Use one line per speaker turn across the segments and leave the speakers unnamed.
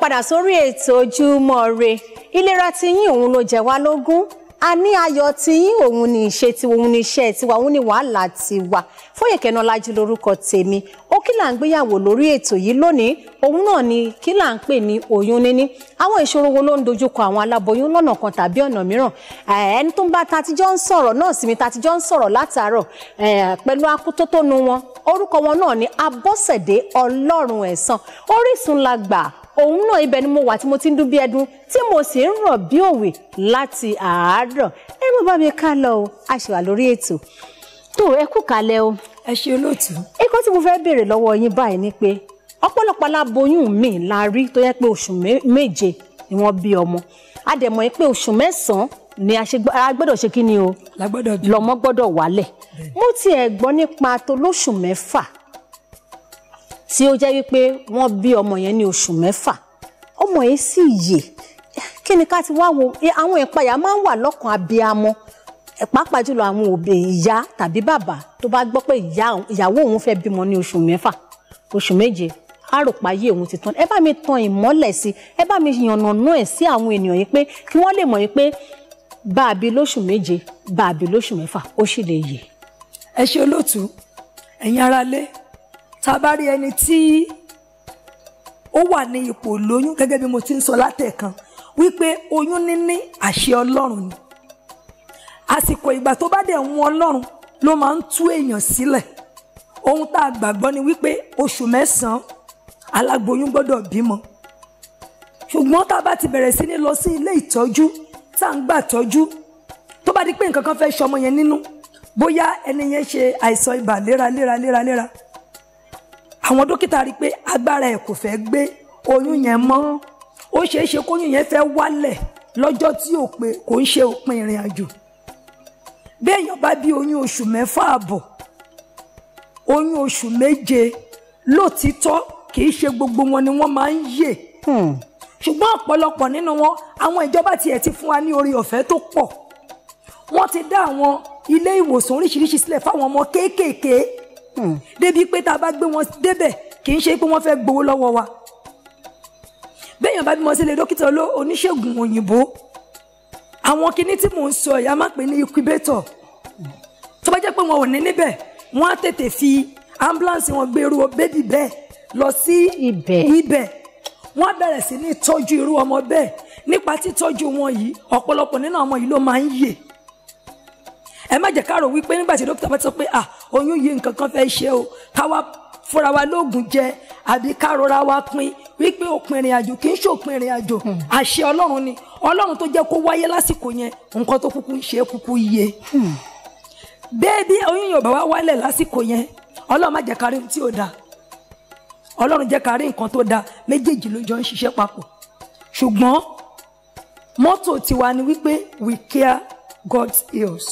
padà sórí ètò ojúmọ́ re ìlera tiyín òun ló jẹ wá lógún a ní ayọ̀ tiyín òun ni ìṣe tiwa òun ni iṣẹ́ tiwa òun ni wàhálà tiwa Fóyèké Inaọlájí lórúkọ tèmi ó kí là ń gbéyàwó lórí ètò yìí lónìí òun náà ni kí là ń pè ní oyún níní àwọn ìṣòro wo ló ń dojúkọ àwọn aláboyún lọ́nà kan tàbí ọ̀nà mìíràn ẹni tó ń bá tatijọ́ ń sọ̀rọ̀ náà sì ni tatijọ́ ń sọ̀rọ̀ látàárọ̀ pẹ̀lú akutótónu wọn orúkọ wọn náà ni Abọ́sẹ̀dé Ọlọ́run ẹ̀san Orísun la gbà òun náà ibẹ̀ ni mo wà tí mo ti ń dún bí ẹdun tí mo sì ń rọ̀ bí òwe láti àárọ̀ ẹ má bá mi ká lọ o a ṣì wà lórí ètò tó ẹ kú kalẹ̀ o. ẹ ṣe olóòtú. ikú tí mo fẹ́ béèrè lọ́wọ́ yín báyìí ni pé ọ̀pọ̀lọpọ̀ aláboyún mi la rí tó yẹ pé oṣù méje ni wọ́n bí ọmọ a dẹ̀ pé oṣù mẹ́sàn-án ni a gbọ́dọ̀ ṣe kí ni o lọ́mọ gbọ́dọ̀ wálẹ̀ mo tiẹ̀ gbọ́ nípa tó mẹ́fà tí ó jẹ́ wípé wọ́n bí ọmọ yẹn ní oṣù mẹ́fà ọmọ yẹn sì yè kí ni ká ti wá wo àwọn ìpayà máa ń wà lọ́kàn abiyamọ pàápàá jùlọ àwọn òbí ìyá tàbí bàbá tó bá gbọ́ pé ìyàwó òun fẹ́ bímọ ní oṣù mẹ́fà oṣù méje àròpáyé òun ti tán ẹ bá mi tan ìmọ́lẹ̀ sí ẹ bá mi yànnàná ẹ̀ sí àwọn ènìyàn yìí pé kí wọ́n lè mọ̀ yìí pé
bàbí lóṣù méje bàbí lóṣù mẹ́fà ó sì lè yè. ẹ ṣe olóòtú ẹ̀yin aráalé tá a bá ẹni tí ó wà ní ipò lóyún gẹ́gẹ́ bí mo ti ń sọ látẹ̀kan wípé oyún níní àṣẹ ọlọ́run ni àsìkò ìgbà tó bá dẹ̀ wọn ọlọ́run ló máa ń tú èèyàn sílẹ̀ ohun tá a gbàgbọ́ ni wípé oṣù mẹ́sàn-án alágboyún gbọ́dọ̀ bímọ ṣùgbọ́n tá a bá ti bẹ̀rẹ̀ sí ní lọ sí ilé ìtọ́jú tá à ń gbà tọ́jú tó bá di pé nǹkan kan fẹ́ ṣọmọ yẹn nínú bóyá ẹni yẹn ṣe àìsàn ibà léraléra léraléra àwọn dókítà rí i pé agbára ẹ̀ kò fẹ́ gbé oyún yẹn mọ́ ó ṣeé ṣe kóyún yẹn fẹ́ wálẹ̀ lọ́jọ́ tí ò pé kò ń ṣe òpin ìrìn àjò béèyàn bá bí oyún oṣù mẹ́fà àbọ̀ oyún oṣù méje lótìtọ́ kì í ṣe gbogbo wọn ni wọ́n máa ń yè hmm. ṣùgbọ́n ọ̀pọ̀lọpọ̀ nínú wọn àwọn ìjọba tiẹ̀ ti fún wa ní orí ọ̀fẹ́ tó pọ̀ wọ́n ti dá àwọn ilé ìwòsàn oríṣiríṣi sílẹ̀ fáwọn ọmọ kéékèèké débi pé tá a bá gbé wọn débẹ̀ kì í ṣe pé wọ́n fẹ́ gbowó lọ́wọ́ wa béèyàn bá bímọ sílé dókítà oló oníṣègùn òyìnbó àwọn kinní tí mò ń sọ ìyá máa pè ní incubator tó bá jẹ́ pé wọn ò ní níbẹ̀ wọ́n á tètè fi ambulance wọn gbé irú bébì bẹ́ẹ̀ lọ sí ibẹ̀ ibẹ̀ wọ́n á bẹ̀rẹ̀ sí ní tọ́jú irú ọmọ bẹ́ẹ̀ nípa títọ́jú wọn yìí ọ̀pọ̀lọpọ̀ nínú ọmọ yìí ló máa ń yè ẹ má jẹ́ ká rò wípé nígbà tí dókítà bá ti sọ pé ah oyún yìí nǹkan kan fẹ́ ṣe o káwa fúnra wa lóògùn jẹ àbí ká rọra wa pin wípé òpin ìrìn àjò kì í ṣòpin ìrìn àjò hmm. àṣẹ ọlọ́run ni ọlọ́run tó jẹ́ kó wáyé lásìkò yẹn nǹkan tó kúkú ń ṣe kúkú yẹ hmm. bẹ́ẹ̀ bí oyún yóò bá wá wálẹ̀ lásìkò yẹn ọlọ́run má jẹ́ ká rí tí ò dáa ọlọ́run jẹ́ ká rí nǹkan tó dáa méjèèjì ló jọ ń ṣiṣẹ́ papọ̀ ṣùgbọ́n mọ́tò tiwa ni wípé we care God's ills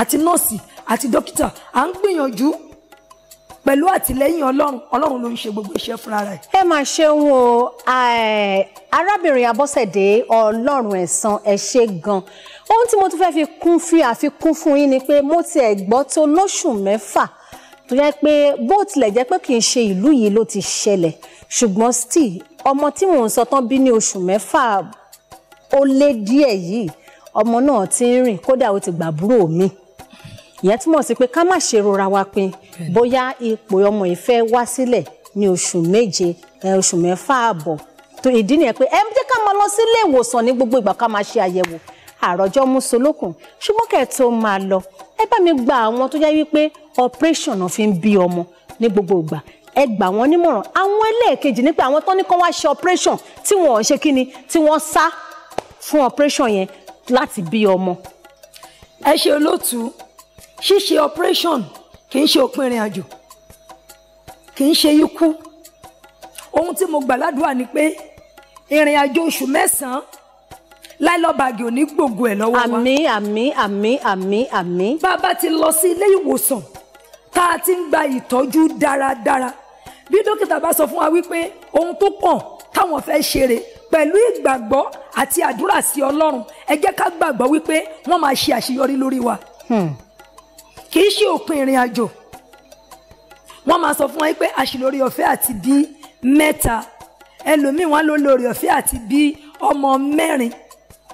àti nọ́ọ̀sì àti dókítà à ń gbìyànjú pẹ̀lú àtìlẹ́yìn ọlọ́run ọlọ́run ló ń ṣe gbogbo iṣẹ́ fúnra rẹ̀. ẹ máa ṣeun o
arábìnrin abọ́sẹ̀dé ọlọ́run ẹ̀san ẹ ṣé gan ohun tí mo tún fẹ́ẹ́ fi kún fi àfikún fún yín ni pé mo tiẹ̀ gbọ́ tó lóṣù mẹ́fà tó jẹ́ pé bó tilẹ̀ jẹ́ pé kì í ṣe ìlú yìí ló ti ṣẹlẹ̀ ṣùgbọ́n still ọmọ tí mò ń sọ tán bí ní oṣù mẹ́fà ó lé díẹ̀ yìí ọmọ náà ti ń rìn kódà ó ti gbàbúrò mi ìyẹn túmọ̀ sí pé ká má ṣe rora wa pin bóyá ipò ọmọ yìí fẹ́ wá sílẹ̀ ní oṣù méje oṣù mẹ́fà àbọ̀ tó ìdí nìyẹn pé ẹ jẹ́ ká máa lọ sí ilé ìwòsàn ní gbogbo ìgbà ká máa ṣe àyẹ̀wò àròjọ musolókun ṣùgbọ́n kẹ́ tó máa lọ ẹ bá mi gba àwọn tó jẹ́ wípé operation náà fi ń bí ọmọ ní gbogbo ìgbà ẹ gbà wọ́n nímọ̀ràn àwọn ẹlẹ́ẹ̀kejì nípa àwọn tó ní kán wá ṣe operation tí wọ́n ṣe kí ni tí wọ́n sá fún operation yẹn láti bí ọmọ.
ẹ ṣe olóòtú ṣíṣe operation kì í ṣe òpin ìrìn àjò kì í ṣe ikú ohun tí mo gbà ládùúrà ni pé ìrìn àjò oṣù mẹ́sàn-án láìlọ́bàgì ò ní gbògo ẹ̀ lọ́wọ́ wa. àmín àmín àmín àmín àmín. bá a bá ti lọ sí ilé ìwòsàn tá a ti ń gba ìtọ́jú dáradára bí dókítà bá sọ fún wa wípé ohun tó kàn táwọn fẹ́ ṣe rèé pẹ̀lú ìgbàgbọ́ àti àdúrà sí ọlọ́run ẹ jẹ́ ká gbàgbọ́ wípé wọ́n máa ṣe àṣeyọrí lórí wa. Hmm kì í ṣe òpin ìrìn àjò wọ́n máa sọ fún wọn pé àṣìlórí ọ̀fẹ́ àti bí mẹ́ta ẹlòmíì wọn ló lórí ọ̀fẹ́ àti bí ọmọ mẹ́rin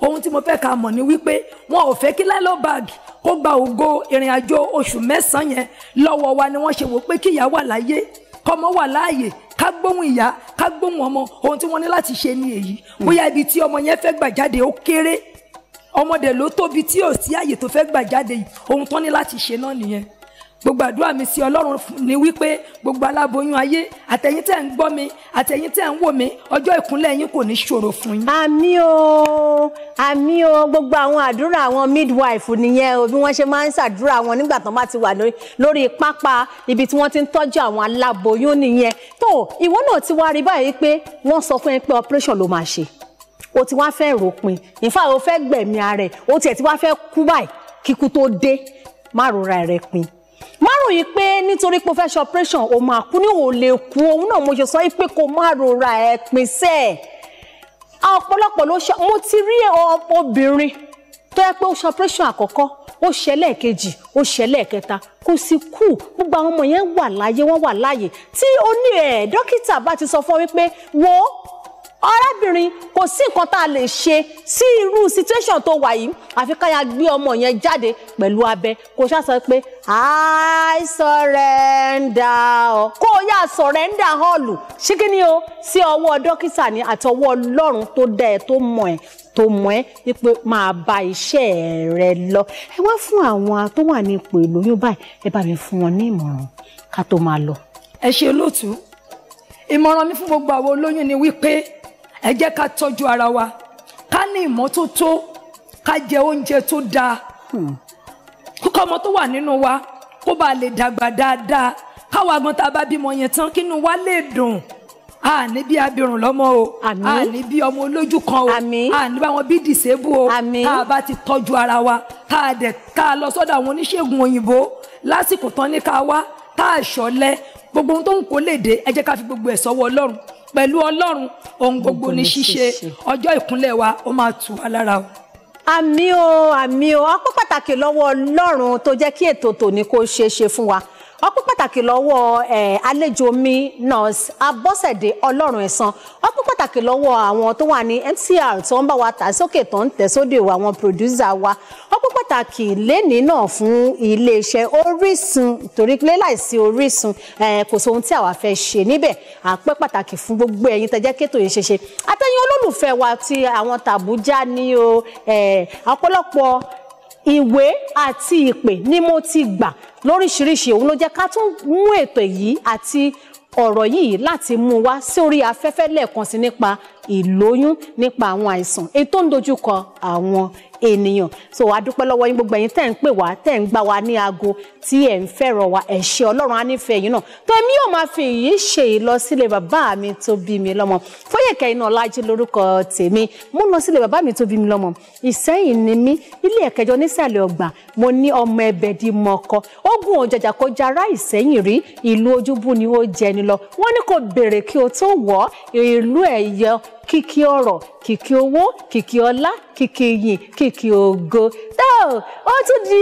ohun tí mo fẹ́ ká mọ̀ ni wípé wọn ò fẹ́ kí lálọ́ báàgì kó gba ògo ìrìn àjò oṣù mẹ́sàn-án yẹn lọ́wọ́ wa ni wọ́n ṣe wò pé kíyà wà láyé kọ́mọ wà láàyè ká gbóhùn ìyá ká gbóhùn ọmọ ohun tí wọ́n ní láti ṣe ni èyí bóyá ibi tí ọmọ yẹn fẹ́ gbà jáde ó kéré ọmọdé ló tóbi tí ò sí àyè tó fẹ́ gbà jáde yìí ohun tán ní láti ṣe náà nìyẹn gbogbo àdúrà mi sí ọlọ́run ni wípé gbogbo aláboyún ayé àtẹ̀yìn tẹ̀ ń gbọ́ mi àtẹ̀yìn tẹ̀ ń wò mí ọjọ́ ìkúnlẹ̀ yín kò ní ṣòro fún yín. àmì o àmì o gbogbo àwọn àdúrà
àwọn midwife nìyẹn o bí wọ́n ṣe máa ń ṣàdúrà wọn nígbà tán bá ti wà lórí pápá ibi tí wọ́n ti ń tọ́jú àwọn aláboyún nìyẹn tó ìwọ náà ti wá rí báyìí pé wọ́n sọ fún ẹ pé operation ló máa ṣe o ti wá fẹ́ ròpin ìfà o fẹ́ gbẹ̀mí ara ẹ̀ o tiẹ̀ ti wá fẹ́ kú báyìí kíkú tó dé má rora rẹ̀ pin má ròyìn pé nítorí pé o fẹ́ ṣe operation o máa kú ní òun lè kú òun náà mo ṣe sọ pé kó má rora ẹ̀ pin sẹ́ẹ̀ ọ̀pọ̀lọpọ̀ ló ṣe mo ti rí obìnrin tó yẹ pé ó ṣe operation àkọ́kọ́ ó ṣe lẹ́ẹ̀kejì ó ṣe lẹ́ẹ̀kẹta kò sì kú gbogbo àwọn ọmọ yẹn wà láyé wọ́n wà láyé tí ó ní ẹ̀ dókítà bá ti sọ fún ọ wípé wo ọ̀rẹ́bìnrin kò sí nǹkan tá a lè ṣe sí irú situation tó wà yìí àfi káyà gbé ọmọ yẹn jáde pẹ̀lú abẹ kò ṣáà sọ pé i surrender ọ kó o yá surrender họ́ọ̀lù ṣíkíní o sí ọwọ́ dókítà ní àtọwọ́ ọlọ́run tó dá ẹ tó mọ̀ ẹ tó mọ̀ ẹ́ wípé máa bá iṣẹ́ rẹ lọ ẹ wá fún àwọn tó wà ní ipò ìlóyún báyìí ẹ bá mi fún wọn ní ìmọ̀ràn ká tó máa lọ.
ẹ ṣe olóòtú ìmọ̀ràn mi fún gbogbo àwọn olóyún ni wípé ẹ jẹ́ ká tọ́jú ara wa ká ní ìmọ́tótó ká jẹ oúnjẹ tó dáa hmm. kókó ọmọ tó wà nínú wa kó bá lè dàgbà dáadáa káwa gan tá a bá bímọ yẹn tán kínú wa lè dùn a ní bí abirùn lọ́mọ o a ní bí ọmọ olójú kan o a ní báwọn bí dìsébù o tá a bá ti tọ́jú ara wa tá a dẹ̀ ká a lọ sọ́dọ̀ àwọn oníṣègùn òyìnbó lásìkò tán ní ká wá tá a ṣọ̀lẹ gbogbo ohun tó ń kó lè dé ẹ jẹ́ ká fi gbogbo ẹ̀ sọ́wọ́ Ọlọ́run pẹ̀lú ọlọ́run ohun gbogbo ni ṣíṣe ọjọ́ ìkúnlẹ̀ wa ó máa tù wá lára o. àmì o
àmì o ọpẹ́ pàtàkì lọ́wọ́ ọlọ́run tó jẹ́ kí ètò tòní kó ṣeé ṣe fún wa ọpẹ́ pàtàkì lọ́wọ́ àlejò mi nurse Abọ́sẹ̀dé Ọlọ́run ẹ̀san ọpẹ́ pàtàkì lọ́wọ́ àwọn tó wà ní MCR tó ń bá wa tà sókè tó ń tẹ̀ sódò àwọn producer wa ọpẹ́ pàtàkì lẹ́nìí náà fún iléeṣẹ́ Orísun torí pé láìsí Orísun kò sóhun tí àwa fẹ́ ṣe níbẹ̀ àpẹ́ pàtàkì fún gbogbo ẹ̀yin tẹ́jẹ́ kétò yìí ṣeṣe àtẹ̀yìn olólùfẹ́ wa ti àwọn tàbújá ní o ọ̀pọ̀lọpọ̀ ìwé àti ìpè ni mo ti gbà lóríṣiríṣi òun ló jẹ́ ká tún mú ètò yìí àti ọ̀rọ̀ yìí láti mú wá sórí afẹ́fẹ́ lẹ́ẹ̀kan sí nípa ìlóyún nípa àwọn àìsàn èyí tó ń dojúkọ àwọn ènìyàn so a dúpẹ́ lọ́wọ́ yín gbogbo ẹ̀yin tẹ́ ń pè wá tẹ́ ń gbà wá ní aago tí ẹ̀ ń fẹ́ràn wá ẹ ṣé ọlọ́run á nífẹ̀ẹ́ yín náà tó èmi yóò máa fi èyí ṣe lọ sílé bàbá mi tó bí mi lọ́mọ Fóyèkẹ́ Ináọlájí lórúkọ tèmi mo lọ sílé bàbá mi tó bí mi lọ́mọ Ìsẹ́yìn ni mí ilé ẹ̀kẹjọ nísàlẹ̀ ọgbà mo ní ọmọ ẹbẹ̀ di mọ́kọ ogun òjàjà kò jara Ìsẹ́yìn rí ìlú ojúbù ni ó jẹni lọ wọ́n ní kò béèrè kí o tó wọ̀ ìlú ẹ̀yọ kìkì ọ̀rọ̀ kìkì owó kìkì ọlá kìkì iyì kìkì ògo. ó tún di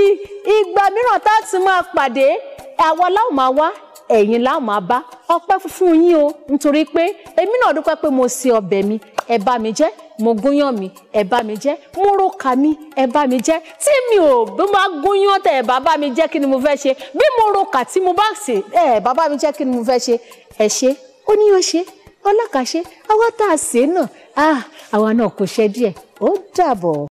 ìgbà mìíràn tá a ti máa pàdé àwọn láwọn máa wá ẹ̀yin láwọn máa bá ọpẹ́ fún yín o nítorí pé èmi náà dúpẹ́ pé mo ṣe ọbẹ̀ mi ẹ bá mi jẹ mo gúnyán mi ẹ bá mi jẹ mo roka mi ẹ bá mi jẹ tí mi ò bí mo bá gúnyán tẹ ẹ bá bá mi jẹ kí ni mo fẹ́ ṣe bí mo roka tí mo bá ṣe ẹ bá bá mi jẹ kí ni mo fẹ́ ṣe ẹ ṣe ó ní yóò ṣe ọlákàṣe àwa tá a sè náà ah, àwa náà kò ṣe díẹ̀ ó dàbọ̀.